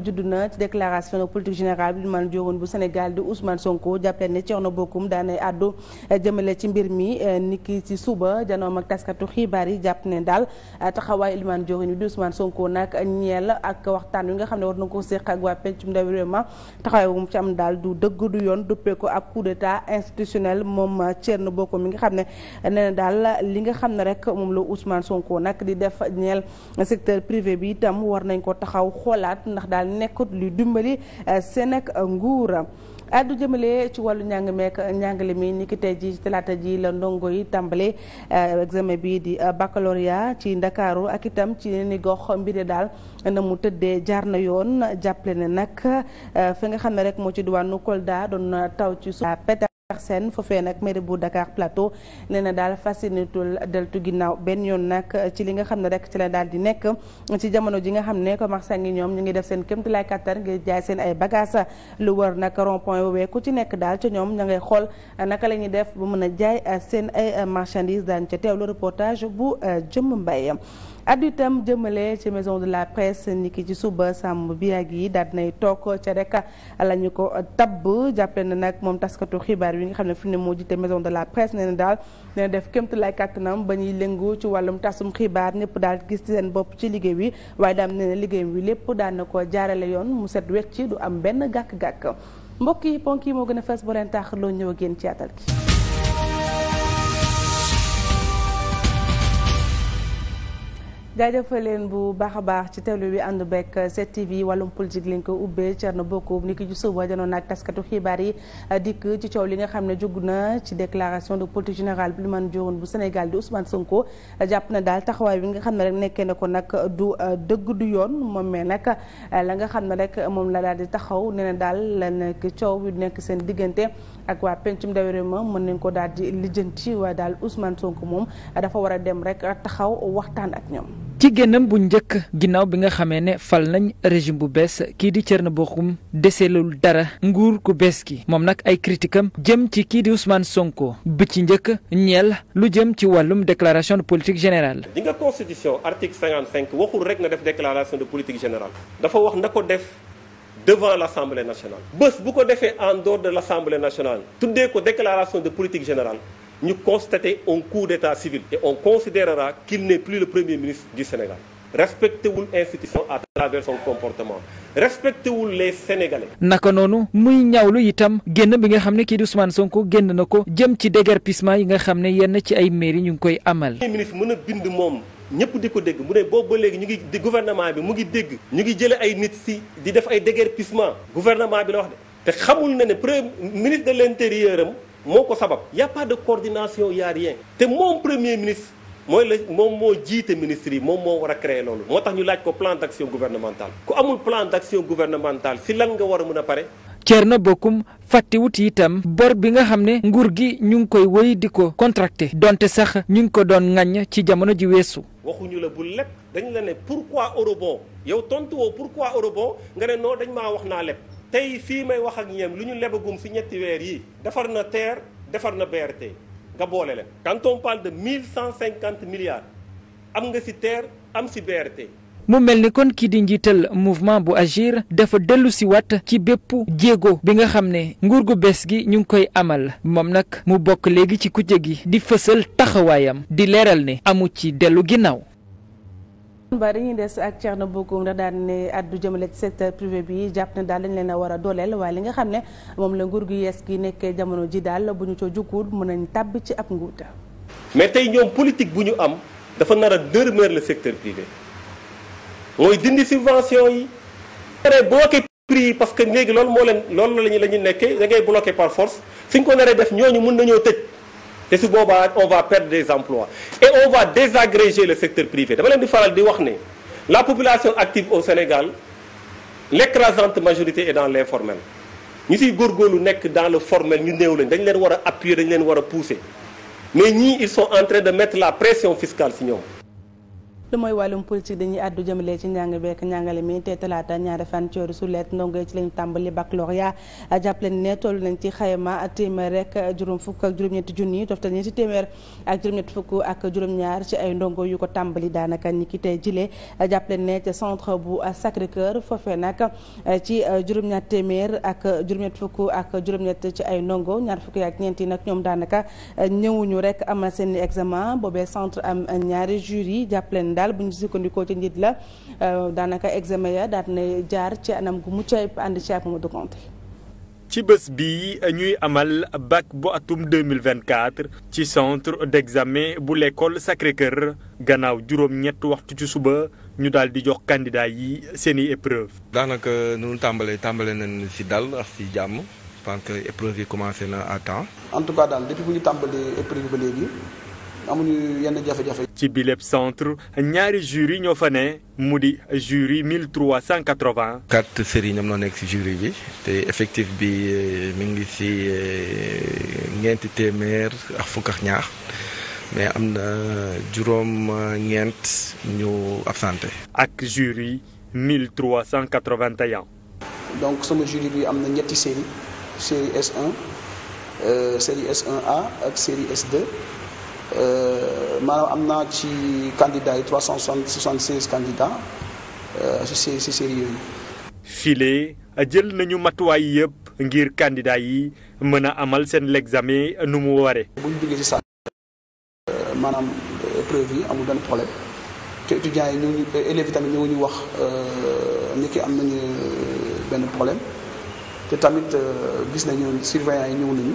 judd na ci déclaration de politique générale bi man jógoon bu Sénégal di Ousmane Sonko jàppale ne Thierno Bocoum daanay àddu eh, jëmale ci mbir mi eh, ni ki ci suba janoom ak taskatu xibaar yi jàpp ne daal eh, taxawaay limaan jógoon bi di Ousmane Sonko nag ñeel ak waxtaan wi nga xam ne war na ko séq ak waa pencum ndawi réew ma ci am daal du dëgg du yoon duppee ko ab coup d'état institutionnel moom Thierno Bocoum mi nga xam ne nee na daal li nga xam ne rek moom la Ousmane Sonko nag di def ñeel nekkut luy dimbali eh, seen ak eh, nguur addu jëmale ci wàllu njàng meek njàngale mi ni ki tey ji talaata ji la ndongo yi tàmbale eh, examen bi di baccalauréat ci ndakaaru ak itam ci ni gox mbire daal na mu tëddee jaar na yoon jàppale ne nag fi nga xam ne rek moo ci diwaanu Kolda doon taw ci su Petersen foofee nag mairie bu Dakar Plateau nee na daal fasinitul deltu ginnaaw benn yoon nag ci li nga xam ne rek ci la daal di nekk ci jamono ji nga xam ne commerçant ngi ñoom ñu ngi def seen kéemtulaay kattan ngir jaay seen ay bagages lu wër nag rond point ku ci nekk daal ca ñoom ña ngay xool naka la ñuy def bu mën a jaay seen ay marchandise daan ca teewlu reportage bu euh, jëm mbay addu itam jëmale ci maison de la presse ni ki ci suba sàmm bi ak yi daal dinay toog ca rek la ñu ko tabb jàppale na nag moom taskatu xibaar yi nga xam ne fi ne moo jiite maison de la presse ne na daal nee na def kémtu lay kàttanam ba ñuy lëngu ci wàllum tasum xibaar ñëpp daal gis seen bopp ci liggéey wi waaye daam nee na liggéey wi lépp daan na ko jaarale yoon mu set wet wecc du am benn gàkk-gàkk mbokk yi ponk yi moo gën a fees boo leen taax loo ñëw a génn ci atal gi jaajëfal leen bu baax a baax ci teewlu bi ànd beeg 7TV wàllum politique lañ ko ubbee Thierno Bocoum ni ki ju suba janoon ak taskatu xibaar yi euh, dikk ci coow li nga xam ne jug na ci déclaration de politique général bi man jógoon bu Sénégal di Ousmane Sonko euh, jàpp na daal taxawaay bi nga xam ne rek nekkee na ko nag du euh, dëgg du yoon moom mais nag la nga xam ne rek moom la daal di taxaw nee ne daal la nekk coow yu nekk seen diggante. ak waa penc ndawi réew ma mën nañ ko daal di lijjanti waa daal Ousmane Sonko moom dafa war a dem rek taxaw waxtaan ak ñoom. ci génnam bu njëkk ginnaaw bi nga xamee ne fal nañ régime bu bees kii di na Thierno Bocoum deselul dara nguur ku bees gi moom nag ay critique am jëm ci kii di Ousmane Sonko bi ci njëkk ñeel lu jëm ci wàllum déclaration de politique générale. di nga constitution article 55 waxul rek na def déclaration de politique générale dafa wax na ko def. devant l'Assemblée nationale bés bu ko defee en dehors de l'Assemblée nationale tuddee ko déclaration de politique générale ñu constater un coup d'état civil et on considérera qu'il n'est plus le premier ministre du Sénégal respectewul institution à travers son comportement respectewul les Sénégalais. naka noonu muy ñawlu itam génn bi nga xam ne kii di Ousmane Sonko génn na ko jëm ci déguerpissement yi nga xam ne yenn ci ay mairie ñu ngi koy amal. premier ministre mën a bind moom. ñëpp di ko dégg mu ne boobu ba léegi ñu ngi di gouvernement bi mu ngi dégg ñu ngi jële ay nit si di def ay déguerpissement gouvernement bi la wax de te xamul na ne premier ministre de l'intérieur am moo ko sabab y a pas de coordination y te moom premier ministre mooy la moom moo jiite ministre yi moom moo war a créer loolu moo tax ñu laaj ko plan d'action gouvernementale ku amul plan d'action gouvernementale si lan nga war a mën a pare Thierno Bocoum fàttewut itam bor bi nga xam ne nguur gi ñu ngi koy wéy di ko contracté donte sax ñu ngi ko doon ŋaññ ci jamono ji weesu waxuñu la bu leb dañ la ne pourquoi eurobond yow tontu woo pourquoi eurobond nga ne non dañ ma wax naa leb tey fii may wax ak ñeem lu ñu lebagum si ñetti weer yi defar na TER defar na BRT nga boole leen quand on mille cent 1150 milliards am nga si TER am si BRT mu mel ni kon kii di njiital mouvement bu agir dafa dellu si wat ci bépp jéego bi nga xam ne nguur gu bees gi ñu ngi koy amal moom nag mu bokk léegi ci kujje gi di fësal taxawaayam di leeral ne amu ci dellu ginnaaw. ba dañuy des ak Thierno Bocoum ndax daan ne addu jëmale ci secteur privé bi jàpp ne daal dañ leen a war a dooleel waaye li nga xam ne moom la nguur gu yees gi nekkee jamono ji daal bu ñu co jukkuut mën nañu tàbb ci ab nguuta mais tey ñoom politique bu ñu am dafa nar a dërmeer le secteur mooy dindi subvention yi naree bloqué prix yi parce que léegi loolu moo leen loolu lañu la ñu nekkee da ngay bloqué par force suñ ko naree def ñooñu mun nañoo tëj te su boobaa on va perdre des emplois et on va désagréger le secteur privé dama leen di faral di wax ne la population active au Sénégal l'écrasante majorité est dans l'informel ñu góor lu nekk dans le formel ñu néew lañ dañ leen war a appuyer dañ leen war a pousser mais ñii il sont en train de mettre la pression fiscale si ñoom lu mooy wàllum politique dañuy àddu jëmale ci njàng beek njàngale mi te talaata ñaari fan ci weeru sulet ndongo ci lañ tàmbali baccalauréat jàppale ne toll nañ ci xayma téeméer rek juróom fukk ak juróom-ñetti junni toftal ñetti téeméer ak fukk ak juróom ay ndongo yu ko tàmbali daanaka ñi ki tey jile jàppale ne ca centre bu Sacré Cœur foofee nag ci juróom téeméer ak juróom-ñetti fukk ak juróom-ñett ci ay ndongo ñaar fukk ak ñeenti nag ñoom daanaka ñëwuñu rek amal seen examen boobee centre am ñaari jury jàppale daal bu ñu sukkandikoo ci njiit la euh, daanaka examen ya daat na jaar ci anam gu mucc ayib ànd ci ak Mamadou Konté ci bés bi ñuy amal bac bu atum 2024 ci centre d'examen bu lekkool Sacré-Cœur gannaaw juróom-ñett waxtu ci suba ñu daal di jox candidat yi seeni épreuve daanaka nu tàmbalee tàmbale nañ si dal ak si jàmm parce épreuve yi commencé na à temps en tout cas daal depuis bu ñu tàmbalee épreuve ba léegi amuñu yenn jafe-jafe ci bileb centre ñaari jury ñoo fa ne mu di jury 1380. quatre sëriñam noo nekk ci jury bi te effectif bi euh, mi ngi ci euh, ñeenti téeméer ak fukk ak ñaar mais am na juróom ñeent ñu absenté. ak jury 1381. donc sama jury bi am na ñetti série série S1 euh, série S1A ak série s Euh, maanaam am naa ci candidats yi trois cent soixante seize candidats euh, si si série yooyu. file jël nañu matuwaay yëpp ngir candidats yi mën a amal seen l'examen nu mu waree. buñ buggee duggee si saa euh, maanaam preuve yi amul benn problème te étudiants yi ñu élèves yi tamit ñoo ñu wax ni ki am nañu benn problème te tamit gis nañu surveillants yi ñëw nañu.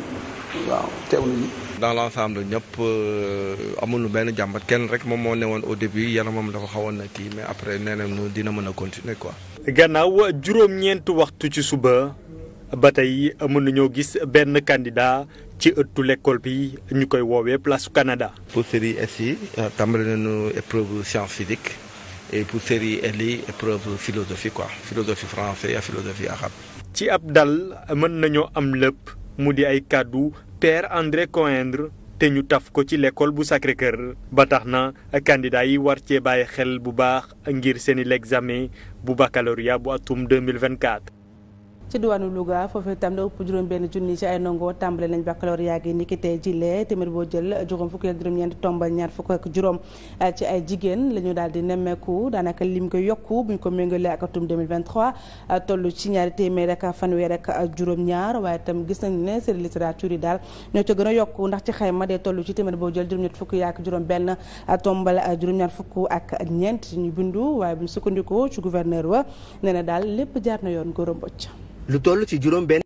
waaw teewlu ji. dans l'ensemble ñëpp euh, amul benn jàmbat kenn rek moom moo newoon au début yaramam dafa xawoon na kii mais après nee nañu dina mën a continuer quoi. gannaaw juróom-ñeenti waxtu ci suba ba tey mën nañoo gis benn candidat ci ëttu lekkool bi ñu koy woowee place Canada. pour série S yi euh, tàmbali nañu épreuve science physique et pour série L yi épreuve philosophie quoi philosophie français ak philosophie arabe. ci ab dal mën nañoo am lépp. mu di ay kàddu père André Coindre te ñu taf ko ci lekkool bu Sacré-Cœur ba tax na candidat yi war cee bàyyi xel bu baax ngir seeni l'examen bu baccalauréat bu atum 2024 ci diwaanu Louga foofu itam la ëpp juróom benn junni ci ay ndongo tàmbale nañ baccalauréat gi niki tey jilee téeméer boo jël juróom fukki ak juróom-ñeent tombal ñaar fukk ak juróom eh, ay jigéen la daal di nemmeeku daanaka lim ko yokku buñ ko méngalee ak atum 2023 eh, toll ci ñaari téeméer ak fanweer ak juróom-ñaar waaye itam gis nañu ne seen littérature yi daal ñoo ca gën a yokku ndax ci xayma dee tollu ci téeméer boo jël juróom-ñett fukk yi ak juróom benn eh, tombal juróom-ñaar fukk ak ñeent ñu bindu waaye buñ sukkandikoo ci gouverneur wa nee na daal lépp jaar na yoon góor a lu toll ci juróom benn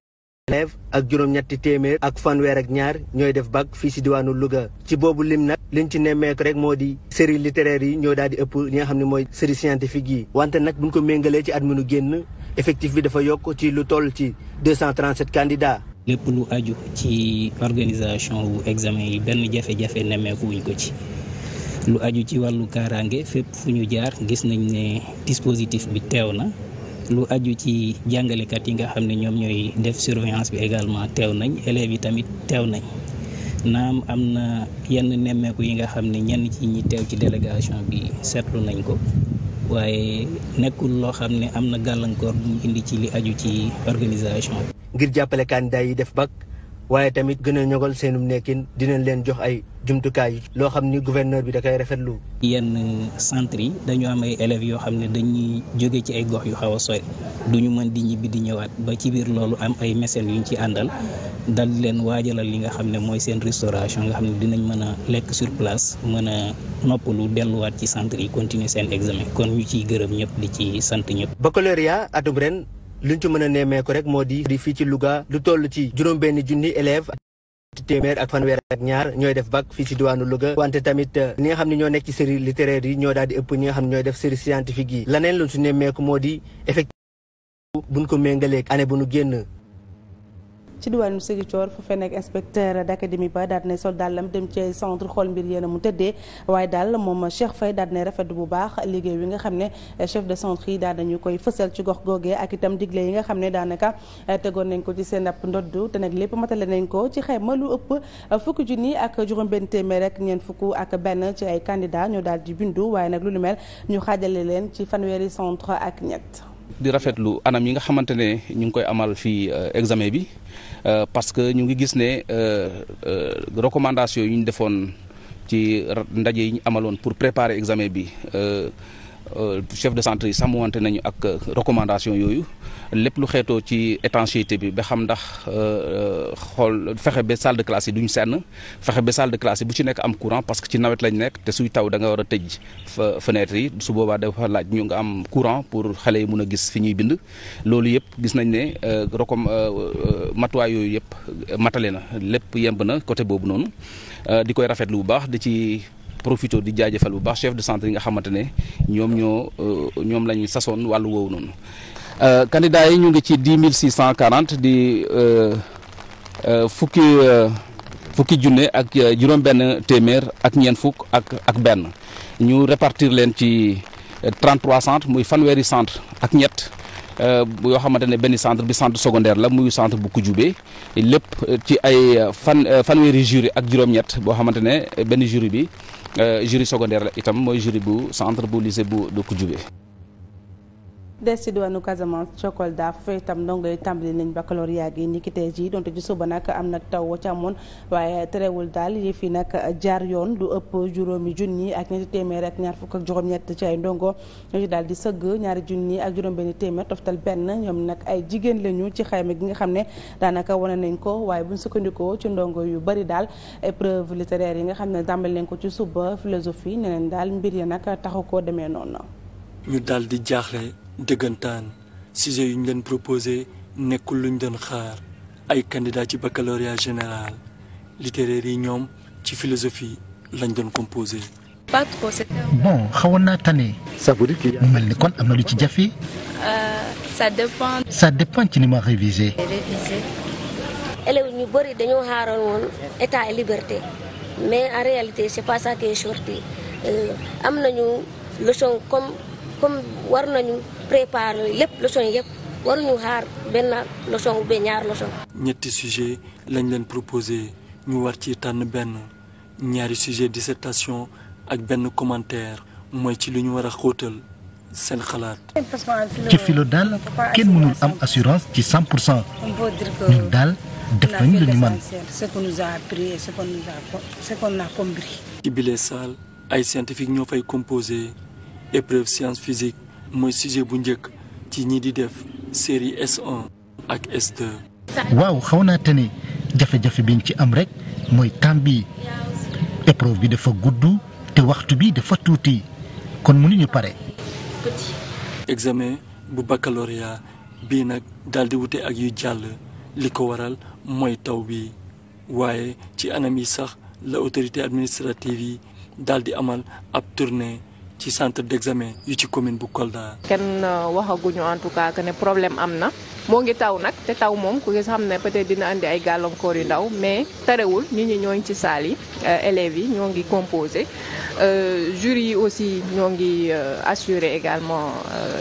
ak juróom téeméer ak fanweer ak ñaar ñooy def bac fii si diwaanu Louga ci boobu lim nag liñ ci nemmeeku rek moo di série littéraire yi ñoo daal di ëpp li nga xam ne mooy série scientifique yi wante nag buñ ko méngalee ci at mi nu génn effectif bi dafa yokk ci lu toll ci 237 candidats lépp lu aju ci organisation wu examen yi benn jafe-jafe nemmeeku wuñ ko ci lu aju ci wàllu kaaraange fépp fu ñu jaar gis nañ ne dispositif bi teew na lu aju ci jàngalekat yi nga xam ne ñoom ñooy def surveillance bi également teew nañ élèves yi tamit teew nañ naam am na yenn nemmeeku yi nga xam ne ñenn ci ñi teew ci délégation bi seetlu nañ ko waaye nekkul loo xam ne am na gàllankoor bu mu indi ci li aju ci organisation bi. ngir jàppale candidat yi def bac. waaye tamit gëna a ñogal seenum nekkin dinañ leen jox ay jumtukaay yi loo xam ni gouverneur bi da koy rafetlu. yenn centres yi dañu am ay élèves yoo xam ne dañuy jóge ci ay gox yu xaw a sori du ñu mën di ñibbi di ñëwaat ba ci biir loolu am ay mécènes yuñ ci àndal dal leen waajalal li nga xam ne mooy seen restauration nga xam ne dinañ mën a lekk sur place mën a noppalu delluwaat ci centre yi continuer seen examen kon ñu ciy gërëm ñëpp di ci sant ñëpp. liñ ci mën a nemmeeku rek moo di di fii ci Louga lu toll ci juróom benn junni élèves téeméer ak fanweer ak ñaar ñooy def bac fii ci diwaanu Louga wante tamit eh, ñi nga xam ne ñoo nekk ci série littéraire yi ñoo daal di ëpp ñi nga xam ne ñooy def série scientifique yi laneen lu su nemmeeku moo di effectivement buñ ko méngaleeg année bu nu génn ci diwaanu Ziguinchor fu fee nekk inspecteur d'académie ba daal ne sol dàllam dem ci centre xool mbir yéen a mu tëddee waaye daal moom Cheikh Faye daal ne rafetlu bu baax liggéey wi nga xam ne chef de centre yi daal nañu koy fësal ci gox googee ak itam digle yi nga xam ne daanaka tegoon nañ ko ci seen ab ndodd te nag lépp matale nañ ko ci xayma lu ëpp fukki junni ak juróom-benn téeméer rek ñeent fukk ak benn ci ay kandidaa ñoo daal di bindu waaye nag lu lu ñu xaajale leen ci fanweeri centre ak ñett di rafetlu anam yi nga xamante ne ñu ngi koy amal fii euh, examen bi euh, parce que ñu ngi gis ne euh, recommandation yi ñu defoon ci ndaje yi ñu amaloon pour préparer examen bi. Euh, chef de centre yi sàmmwante nañu ak euh, recommandation yooyu lépp lu xeetoo ci étanchéité bi ba xam ndax euh, xool fexe ba salle de classe yi duñ senn fexe ba salle de classe yi bu ci nekk am courant parce que ci nawet lañ nekk te suy taw da nga war a tëj fenêtre yi su boobaa dafa laaj ñu nga am courant pour xale yi mun a gis fi ñuy bind loolu yëpp gis nañ ne recomm matuwaay yooyu yëpp matale na lépp yemb na côté boobu noonu di koy rafetlu bu baax di profito di jaajëfal bu baax chef de centre yi nga xamante ne ñoom ñoo euh, ñoom la ñu sasoon wàllu woowu noonu. Euh, candidats yi ñu ngi ci dix mille six cent quarante di euh, fukki fukki junne ak juróom-benn téeméer ak ñeent fukk ak ak benn ñu répartir leen ci trente trois centres muy fanweeri centre ak ñett. yoo xamante ne benn centre bi centre secondaire la muy centre bu Kujube lépp ci ay fan fanweeri jury ak juróom-ñett boo xamante ne benn jury bi Euh, jury secondaire la itam mooy jury bu centre bu lycée bu bu Kudiobé des ci diwaanu Casamance Jokolda foofu itam ndongo yi tàmbali nañ baccalauréat gi niki tey jii donte ci suba nag am na taw ca amoon waaye terewul daal yi fi nag jaar yoon du ëpp juróomi junni ak ñetti téeméer ak ñaar fukk ak juróom-ñett ci ay ndongo ñoo ci daal di sëgg ñaari junni ak juróom-benn téeméer toftal benn ñoom nag ay jigéen lañu ci xayma gi nga xam ne daanaka wane nañ ko waaye bu sukkandikoo ci ndongo yu bari daal épreuve littéraire yi nga xam ne tàmbali nañ ko ci suba philosophie neneen daal mbir yi nag taxu koo demee noonu. ñu daal di jaaxle. dëggantaan sujet yu ñu leen proposé nekkul luñ doon xaar ay candidat ci baccalauréat général littéraire yi ñoom ci philosophie lañ doon composé. pas bon xawoon naa tane. ça veut mu mel ni kon am na lu ci jafe. sa euh, dépend. ça dépend ci ni ma révisé. révisé. élèves ñu bëri dañoo xaaroon woon état et liberté mais en réalité c'est pas ça qui est sorti euh, am nañu leçon comme. comme war nañu préparer lépp leçon yëpp waruñu xaar benn leçon ou bien leçon. ñetti sujet lañ leen proposé ñu war ci tànn benn ñaari sujet dissertation ak benn commentaire mooy ci lu ñu war a xóotal seen xalaat. ci filo daal kenn mënul am assurance ci 100 pour cent ñun daal def nañu lu ñu ci bile saal ay scientifique ñoo fay composé. épreuve science physique mooy sujet bu njëkk ci ñi di def série S1 ak s waaw xaw naa te ne jafe-jafe biñ ci am rek mooy temps bi épreuve bi dafa gudd te waxtu bi dafa tuuti kon mënuñu pare. examen bu baccalauréat bii nag daal di wute ak yu jàll li ko waral mooy taw bi waaye ci anam yi sax la autorité administrative yi daal di amal ab tournée ci centre d'examen yu ci commune bu Kolda. kenn euh, waxaguñu en tout cas que ne problème am na moo ngi taw nag te taw moom ku gis xam ne peut-être dina andi ay gàllankoor yu ndaw mais terewul nit ñi ñoo ngi ci saal yi euh, élèves yi ñoo ngi composé euh, jury yi aussi ñoo ngi assurer également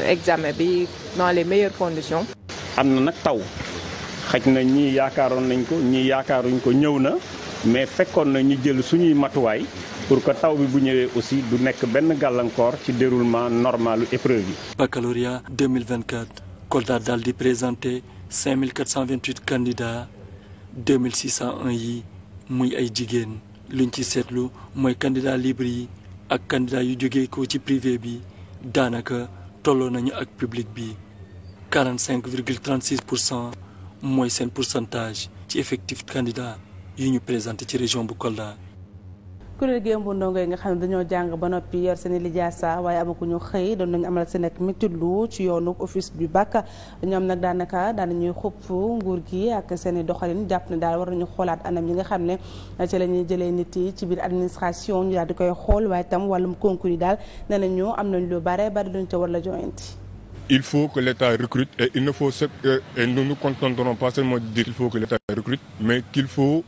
examen bi dans les meilleures conditions. am na nag taw xaj na ñi yaakaaroon nañ ko ñii yaakaaruñ ko ñëw na mais fekkoon na ñu jël suñuy matuwaay. pour que taw bi bu ñëwee aussi du nekk benn gàllankoor ci déroulement normalu épreuve yi. baccalauréat 2024 Kolda daal di présenté 5428 candidats 2601 yi muy ay jigéen luñ ci seetlu mooy candidat libre yi ak candidat yu jógee ko ci privé bi daanaka tolloo nañu ak public bi 45 virgule 36 pour cent mooy seen pourcentage ci effectif candidat yu ñu présenté ci région bu Kolda. kuréel gi ëmb ndongo yi nga xam ne dañoo jàng ba noppi yor seen i lijaasa waaye ñu xëy doon nañu amal seen ak métitlu ci yoonu office bu BAC ñoom nag daanaka daan nañuy xupp nguur gi ak seen i doxalin jàpp ne daal war nañu xoolaat anam yi nga xam ne ci la ñuy jëlee nit yi ci biir administration ñu daal di koy xool waaye tam wàllum concours yi daal nee nañu am nañ lu bare bari luñ te war la joyanti. il faut que l'État recrute et il ne faut euh, et nous ne nous contenterons pas il faut que l'État recrute mais qu'il faut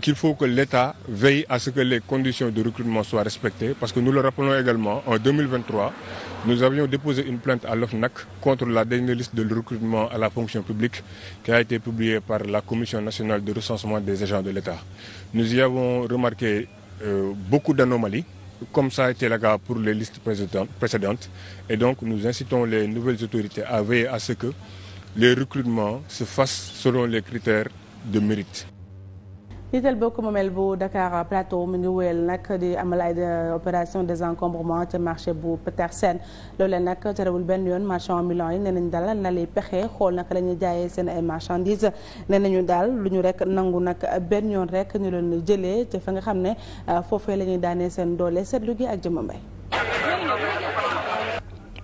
qu'il faut que l'État veille à ce les conditions de recrutement soient respectées, parce que nous en 2023, nous avions déposé une plainte à l'OFNAC contre la dernière liste de recrutement à la la Commission nationale de recensement des agents de l'État. Nous y avons remarqué euh, beaucoup comme ça a été le cas pour les listes précédentes, et donc nous incitons les nouvelles à veiller à ce que les recrutements se fassent selon les critères de njiital bokk moomeel bu Dakar Plateau mu ngi wéyal nag di amal ay euh, opération désencombrement ca marché bu Petersen loole nag terewul benn yoon marchand ambulant yi nee nañu daal na lay pexe xool naka lañuy ñuy jaayee seen ay marchandises nee ñu daal lu ñu rek nangu nag benn yoon rek ñu leen jëlee te fa nga xam ne euh, foofee la ñuy daanee seen doole seetlu gi ak jëmm mbay.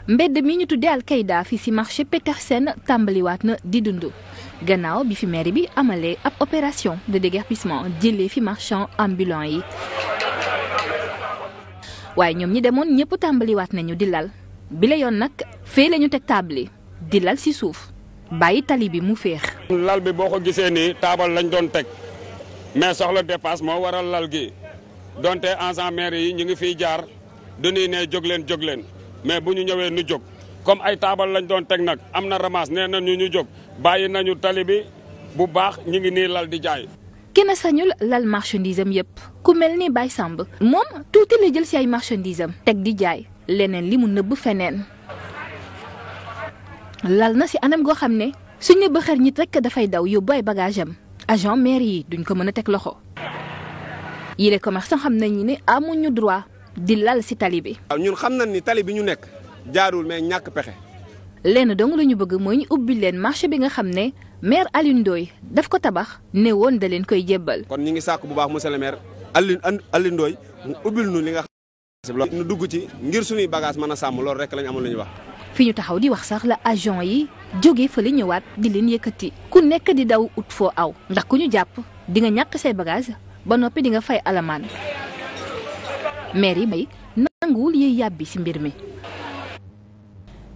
mbedd mi ñu tuddee Alkaïda fi ci marché Petersen tàmbaliwaat na di dund. gannaaw bi fi maire bi amalee ab opération de déguerpissement jëlee fi marchand ambulant yi waaye ñoom ñi demoon ñëpp tàmbaliwaat nañu di lal bi la yoon nag fee lañu teg table di lal si suuf bàyyi tali bi mu féex. lal bi boo ko gisee nii taabal lañ doon teg mais soxla dépasse moo waral lal gi donte agent maire yi ñu ngi fiy jaar du ñuy ne jóg leen jóg leen mais bu ñu ñëwee nu jóg comme ay taabal lañ doon teg nag am na ramas nee na ñu ñu jóg bàyyi nañu tali bi bu baax ñu ngi nii lal di jaay. kenn sañul lal marchandise am yëpp ku mel ni bay sàmb moom tuuti la jël si ay marchandise teg di jaay leneen li mu nëbb feneen lal na si anam goo xam ne su ñu ba xër nit dafay daw yóbbu ay bagage am agent maire yi duñ ko mën a teg loxo yile commerçant xam nañu ni amuñu droit di lal si tali bi. waaw ñun xam na ni tali bi ñu nekk jaarul mais ñàkk pexe. lenn dong la ñu bëgg mooy ñu ubbi leen marché bi nga xam ne maire Alioune Ndoye ko tabax ne woon da leen koy jébbal. kon ñu ngi sàkk bu baax monsieur le maire Alioune Alioune Ndoye ubbil nu li nga xam ne nu dugg ci ngir suñuy bagage mën a sàmm loolu rek lañ amoon lu ñuy wax. fi ñu taxaw di wax sax la agent yi jógee fa li ñëwaat di leen yëkkati ku nekk di daw ut foo aw ndax ku ñu jàpp di nga ñàkk say bagage ba noppi di nga fay alamaan maire yi nanguwul yiy yàbbi ci mbir mi.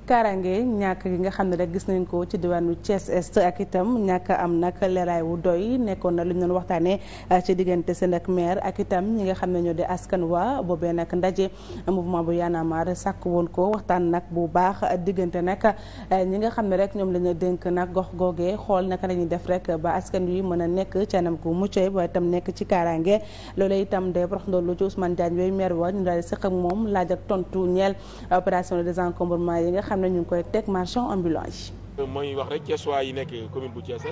kaaraange ñàkk yi nga xam ne rek gis nañ ko ci diwaanu Thiès Est ak itam ñàkk am nag leeraay wu doy nekkoon na lu ñu waxtaanee euh, ci diggante seen ak maire ak itam ñi nga xam ne ñoo di askan wa boobee nag ndaje mouvement bu Y'en a sàkk woon ko waxtaan nag bu baax diggante nag euh, ñi nga xam ne rek ñoom la dénk nag gox googee xool naka la ñuy def rek ba askan wi mën a nekk ci anam ko mucc ba itam nekk ci kaaraange loolu itam day wax ndoolu ci Ousmane Diagne wooyu maire wa ñu daal di sëq ak moom laaj tontu ñeel opération de désencombrement yi xam ne ñu ngi koy teg marchand ambulant yi. mooy wax rek Thiessois yi nekk commune bu Thiès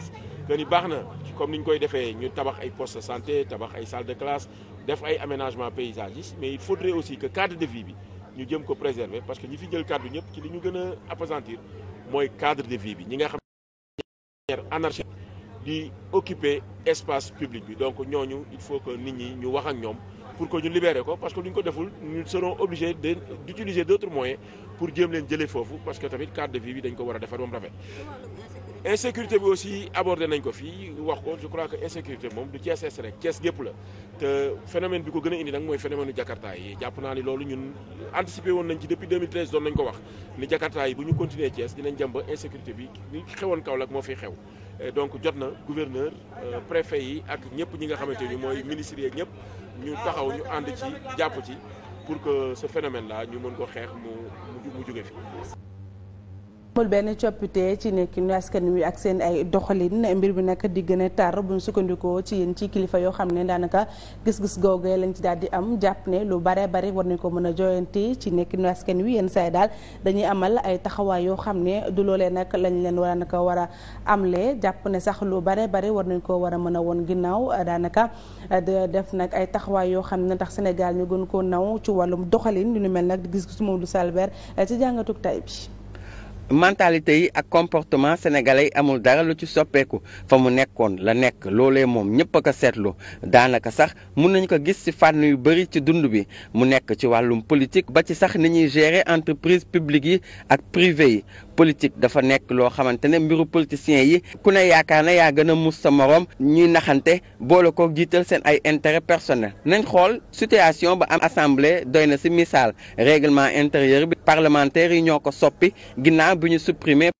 que ni baax na comme ni ñu koy defee ñu tabax ay poste santé tabax ay salle de classe def ay aménagement paysagiste mais il faudrait aussi que cadre de vie bi ñu jëm ko préserver parce que ñi fi jël cadre ñëpp ci li ñu gën a appesantir mooy cadre de vie bi ñi nga xam anarchique di occuper espace public bi donc ñooñu il faut que nit ñi ñu wax ak ñoom pour que ñu libérer ko parce que lu ñu ko deful ñu serons obligés de d' utiliser d' autres pour jéem leen jëlee foofu parce que tamit cadre de vie dañ ko war a defar moom rafet. insécurité bi aussi abordé nañ ko fii wax ko je crois que insécurité moom du Thiès est rek Thiès gépp la te phénomène bi ko gën indi nag mooy phénomène u Jakarta yi jàpp naa ni loolu ñun anticiper woon nañ ci depuis 2013 doon nañ ko wax ni Jakarta yi bu ñu continuer Thiès dinañ jëm ba insécurité bi ni xewoon Kaolack moo jot na gouverneur euh, préfet ak ñëpp ñi nga xamante ni mooy ministres yi ñu taxaw ñu ànd ci jàpp ci pour que ce phénomène là ñu mën ko xeex mu mu jóge fi amul benn coppite ci nekkinu askan wi ak seen ay doxalin mbir bi nag di gën a tar bu sukkandikoo ci yéen ci kilifa yoo xam ne daanaka gis-gis googee lañ ci daal di am jàpp ne lu bare bare war nañ ko mën a joyante ci nekkinu askan wi yenn saay daal dañuy amal ay taxawaay yoo xam ne du loolee nag lañ leen war naka war a amle jàpp ne sax lu bare bare war nañ ko war a mën a woon ginnaaw daanaka def nag ay taxawaay yoo xam ne tax Sénégal ñu gën koo naw ci wàllum doxalin lu mel nag gis-gisu du Salbert ci jàngatug tay bi mentalité yi ak comportement sénégalais yi amul dara lu ci soppeeku fa mu nekkoon la nekk loole moom ñëpp a ko seetlu daanaka sax mun nañu ko gis ci fànn yu bëri ci dund bi mu nekk ci wàllum politique ba ci sax ni ñuy gérer entreprise publique yi ak privé yi politique dafa nekk loo xamante ne mbiru politiciens yi ku ne yaakaar na yaa gën a mus sa morom ñuy naxante boole ko jiital seen ay intérêt personnel nañ xool situation ba am assemblée doy na ci misaal réglement intérieur bi parlementaire yi ñoo ko soppi ginnaaw bi ñu supprimer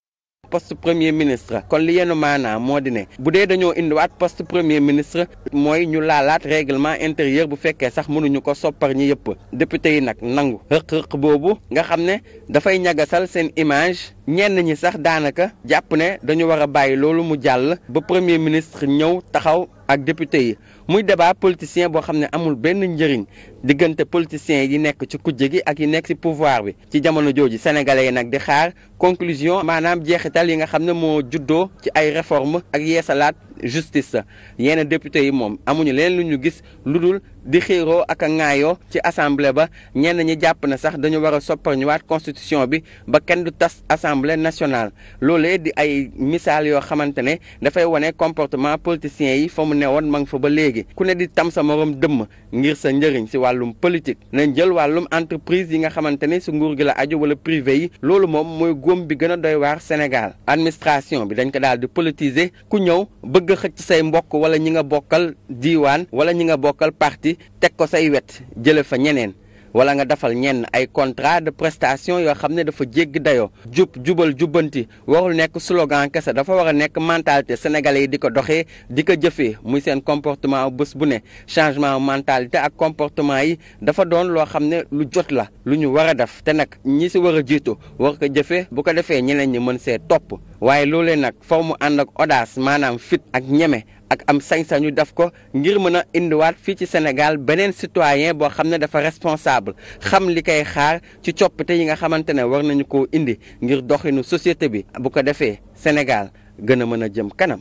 poste premier ministre kon li yenu maanaam moo di ne bu dee dañoo indiwaat poste premier ministre mooy ñu laalaat règlement intérieur bu fekkee sax mënuñu ko soppar ñi yëpp député yi nag nangu rëq-rëq boobu nga xam ne dafay ñagasal seen image ñenn ñi sax daanaka jàpp ne dañu war a bàyyi loolu mu jàll ba premier ministre ñëw taxaw ak député yi muy débat politicien boo xam ne amul benn njëriñ diggante politiciens yi nekk ci kujje gi ak yi nekk ci pouvoir bi ci jamono jooju sénégalais yi nag di xaar conclusion maanaam jeexital yi nga xam ne moo juddoo ci ay réforme ak yeesalaat justice sa yenn député yi moom amuñu leen lu ñu gis lu dul di xiiroo ak a ŋaayoo ci assamble ba ñenn ñi jàpp na sax dañu war a sopparñuwaat constitution bi ba kenn du tas assemblée nationale. loolee di ay misaal yoo xamante ne dafay wane comportement politiciens yi fa mu ne woon ma fa ba léegi ku ne di tam sa morom dëmm ngir sa njëriñ si wàllum politique nañ jël wàllum entreprise yi nga xamante ne su nguur gi la ajo wala privé yi loolu moom mooy góom bi gën a doy waar Sénégal administration bi dañ ko daal di politiser ku ñëw bëgg a xëcc say mbokk wala ñi nga bokkal diiwaan wala ñi nga bokkal parti teg ko say wet jële fa ñeneen wala nga defal ñenn ay contrat de prestation yoo xam ne dafa jégg dayoo jub jubal jubbanti warul nekk slogan kese dafa war a nekk mentalité sénégalais yi di ko doxee di ko jëfee muy seen comportement bés bu ne changement mentalité ak comportement yi dafa doon loo xam ne lu jot la lu ñu war a def te nag ñi si war a jiito war ko jëfee bu ko defee ñeneen ñi mën see topp waaye loolee nag faw mu ànd ak audace maanaam fit ak ñeme ak am sañ-sañu def ko ngir mën a indiwaat fii ci Sénégal beneen citoyen boo xam ne dafa responsable xam li koy xaar ci coppite yi nga xamante ne war nañu ko indi ngir doxinu société bi bu ko defee Sénégal gën a mën a jëm kanam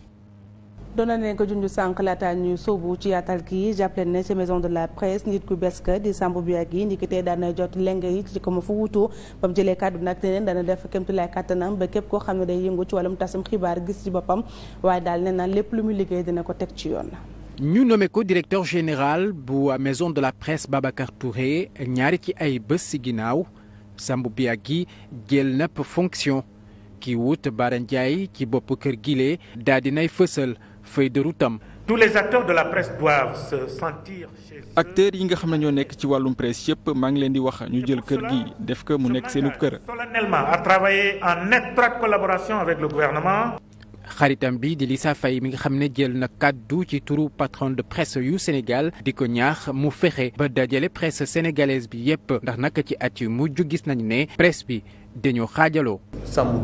doon na leen ko junj sànq laataa ñu sóobu ci yaatal kii jàppale ne ci maison de la presse nit ku bees ka di Sambou Biagui ndiki tey daan na jot leng yi ci ko ma fu wutu ba mu jëlee kàddu nag ne dana def kéemtulaay kàttanam ba képp koo xam ne day yëngu ci wàllum tasum xibaar gis ci boppam waaye daal nee na lépp lu mu liggéey dina ko teg ci yoon. ñu nommé ko directeur général bu maison de la presse Babacar Touré ñaari ci ay bés si ginnaaw Sambou Biagui jël napp fonction ki wut Bara Ndiaye ci bopp kër gile daa dinay fësal. feuille de route am. les acteurs de la presse doivent se yi nga xam ne ñoo nekk ci wàllum presse yëpp maa ngi leen di wax ñu jël kër gi def ko mu nekk seenub kër. solennellement à travailler en étroite collaboration avec le gouvernement. xaritam bi di Lissa Faye mi nga xam ne jël na kàddu ci turu patron de presse yu Sénégal di ko ñaax mu fexe ba dajale presse sénégalaise bi yépp ndax naka ci at yi mujj gis nañu ne presse bi dañoo xaajaloo. Sambou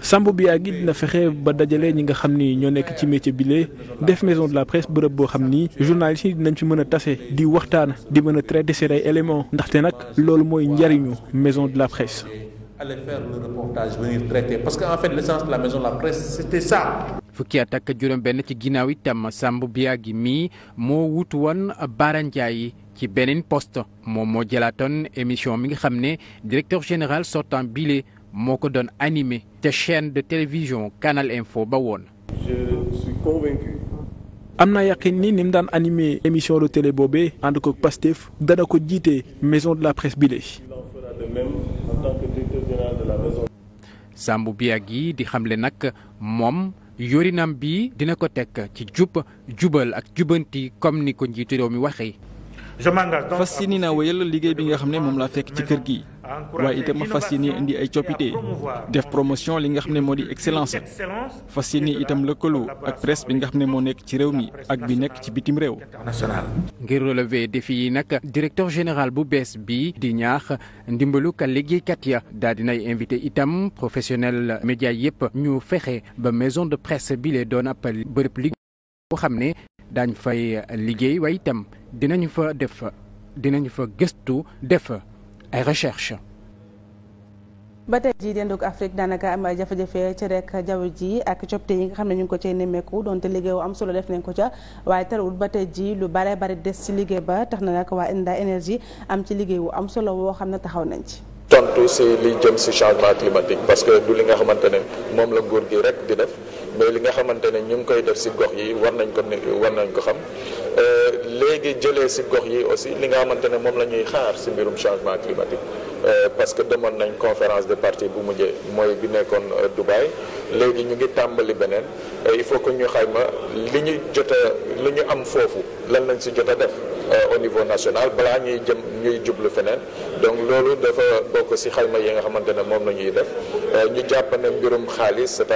Sambou gi dina fexe ba dajalee ñi nga xam ni ñoo nekk ci métier bile def maison de la presse bërëb boo xam ni journalistes yi dinañ fi mën a tase di waxtaan di mën a traiter seen ay ndaxte nag loolu mooy njariñu maison de la presse. aller que en fait la maison de la presse c'était ça. fukki at ak juróom-benn ci ginnaaw itam Sambou Biagui mii moo wut woon Bara yi ci beneen poste moom moo jëlaatoon émission mi nga xam ne directeur général sortant bile. moo ko doon animé ca chaine de télévision Canal Info ba woon. am na yaqin ni ni daan animé émission de télé boobee ànd ko Pastef dana ko jiite maison de la presse bi de. Sambou Biagui di xamle nag moom yorinam bi dina ko teg ci jub jubal ak jubanti comme ni ko njiitu réew mi waxee. fas yéene naa wéyal liggéey bi nga xam ne moom laa fekk ci kër gi waaye itam fas yéene indi ay coppite def promotion li nga xam ne moo di excellence fas yéene itam lëkkaloo ak presse bi nga xam ne moo nekk ci réew mi ak bi nekk ci bitim réew. ngir relever défi yi nag directeur général bu bees bi di ñaax ndimbalu ka kat ya daal nay invité itam professionnel média yëpp ñu fexe ba maison de presse bi lee doon appel bërëb liggéey boo xam ne daañ fay liggéey waaye itam. dina ñu fa def dina ñu fa gëstu def ay recherche ba tey jii denduk Afrique daanaka am jafe-jafe ci rek jaww ji ak copte yi nga xam ne ñu ko cay nemmeeku donte liggéey wu am solo def nañ ko ca waaye terewul ba tey jii lu bare bare des ci liggéey ba tax na nag waa Enda énergie am ci liggéey wu am solo woo xam ne taxaw nañ ci. tontu si li jëm si changement climatique parce que du li nga xamante ne moom la nguur gi rek di def. ba li nga xamante ne ñu ngi koy def si gox yi war nañ ko war nañ ko xam euh, léegi jëlee si gox yi aussi li nga xamante ne moom la ñuy xaar si mbirum changement climatique euh, parce que demoon nañ conférence de partie bu mujjee mooy bi nekkoon euh, Dubaï léegi ñu ngi tàmbali beneen il faut que ñu xayma li ñu jot a li ñu am foofu lan lañ si jot def au niveau national balaa ñuy jëm ñuy jublu feneen donc loolu dafa bokk si xayma yi nga xamante ne moom la ñuy def ñu jàpp ne mbirum xaalis cest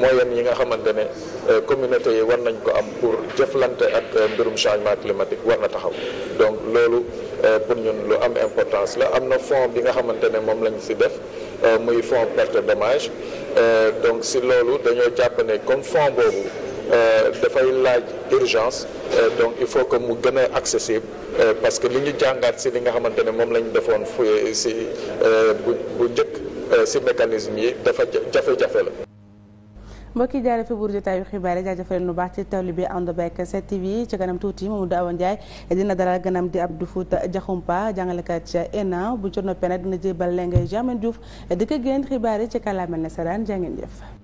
moyen yi nga xamante ne euh, communauté yi war nañ ko am pour jëflante ak euh, mbirum changement climatique war na taxaw donc loolu euh, pour ñu lu am importance la am na fonds bi nga xamante ne moom lañ si def muy fonds perte dommage donc si loolu dañoo jàpp ne comme fonds boobu dafay laaj urgence donc il faut que mu gën a accessible parce que li ñu jàngaat si li nga xamante ne moom lañ defoon fu si bu bu njëkk si mécanisme yi dafa jafe-jafe la mbokk yi jaaree fi buur jotaayu xibaar yi jaajëfal leen lu baax ci tawli bi ànd beek 7 ci kanam tuuti Mamadou Awa Ndiaye dina dalal ganam di ab Abdou Fouta Diakhoumpa jàngalekat ca ENA bu ci noppee nag dina jébal lengay Germaine Diouf di ko génn xibaar yi ci kàllaama nasaraan jaa ngeen jëf